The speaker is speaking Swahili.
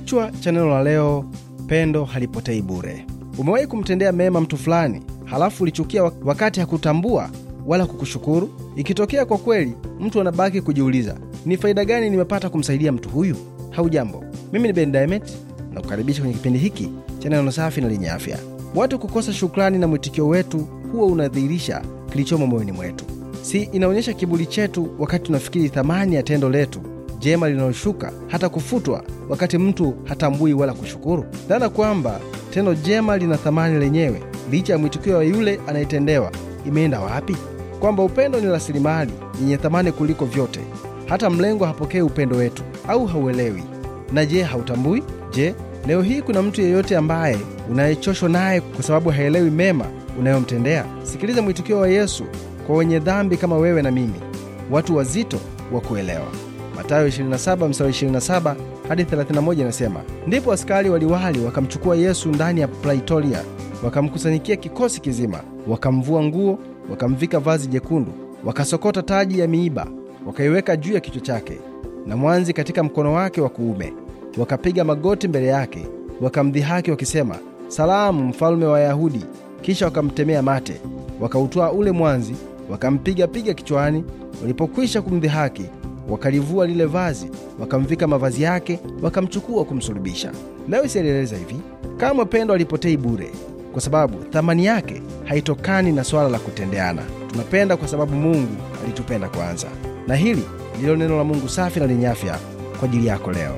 Kichwa cha neno la leo, pendo halipotei bure. Umewahi kumtendea mema mtu fulani halafu ulichukia wakati hakutambua wala kukushukuru? Ikitokea kwa kweli, mtu anabaki kujiuliza ni faida gani nimepata kumsaidia mtu huyu? Haujambo, mimi ni Ben Diamond na kukaribisha kwenye kipindi hiki cha neno safi na lenye afya. Watu kukosa shukrani na mwitikio wetu huwa unadhihirisha kilichomo moyoni mwetu, si inaonyesha kiburi chetu wakati tunafikiri thamani ya tendo letu jema linaloshuka hata kufutwa, wakati mtu hatambui wala kushukuru? Dhana kwamba tendo jema lina thamani lenyewe licha ya mwitikio wa yule anayetendewa imeenda wapi? Kwamba upendo ni rasilimali yenye thamani kuliko vyote. Hata mlengo hapokee upendo wetu, au hauelewi? Na je, hautambui? Je, leo hii kuna mtu yeyote ambaye unayechoshwa naye kwa sababu haelewi mema unayomtendea? Sikiliza mwitikio wa Yesu kwa wenye dhambi kama wewe na mimi, watu wazito wa kuelewa. Matayo 27 mstari 27 hadi 31 inasema, ndipo askari waliwali wakamchukua Yesu ndani ya Praitoria, wakamkusanyikia kikosi kizima, wakamvua nguo, wakamvika vazi jekundu, wakasokota taji ya miiba, wakaiweka juu ya kichwa chake na mwanzi katika mkono wake wa kuume, wakapiga magoti mbele yake, wakamdhihaki wakisema, Salamu, mfalme wa Wayahudi. Kisha wakamtemea mate, wakautwaa ule mwanzi wakampiga piga kichwani. Walipokwisha kumdhihaki, wakalivua lile vazi, wakamvika mavazi yake, wakamchukua kumsulubisha. Lewis alieleza hivi: kamwe pendo alipotei bure, kwa sababu thamani yake haitokani na swala la kutendeana. Tunapenda kwa sababu Mungu alitupenda kwanza. Na hili ndilo neno la Mungu safi na lenye afya kwa ajili yako leo.